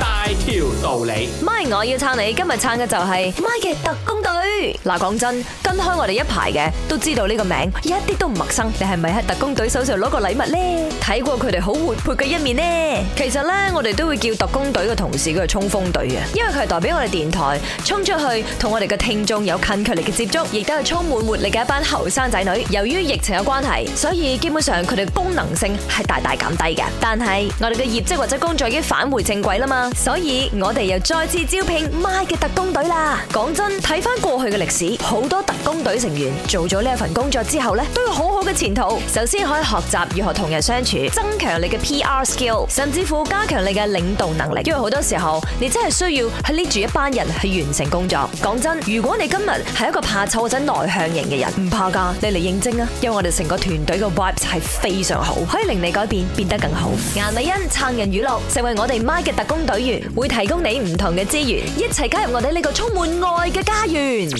大條道理咪我要撐你，今日撐嘅就係咪嘅特工隊。嗱，講真，跟開我哋一排嘅都知道呢個名，一啲都唔陌生。你係咪喺特工隊手上攞過禮物呢？睇過佢哋好活潑嘅一面呢？其實呢，我哋都會叫特工隊嘅同事佢係衝鋒隊啊，因為佢係代表我哋電台衝出去，同我哋嘅聽眾有近距離嘅接觸，亦都係充滿活力嘅一班後生仔女。由於疫情嘅關係，所以基本上佢哋功能性係大大減低嘅。但係我哋嘅業績或者工作已經返回正軌啦嘛。所以我哋又再次招聘 Mike 嘅特工隊啦。講真，睇翻過去嘅歷史，好多特工隊成員做咗呢一份工作之後咧，都有好好嘅前途。首先可以學習如何同人相處，增強你嘅 PR skill，甚至乎加強你嘅領導能力。因為好多時候你真係需要去 lead 住一班人去完成工作。講真，如果你今日係一個怕醜或者內向型嘅人，唔怕噶，你嚟應徵啊！因為我哋成個團隊嘅 vibes 係非常好，可以令你改變，變得更好。顏美恩撐人語錄，成為我哋 Mike 嘅特工隊。會員會提供你唔同嘅資源，一齊加入我哋呢個充滿愛嘅家園。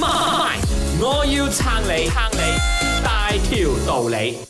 媽，我要撐你，撐你，大條道理。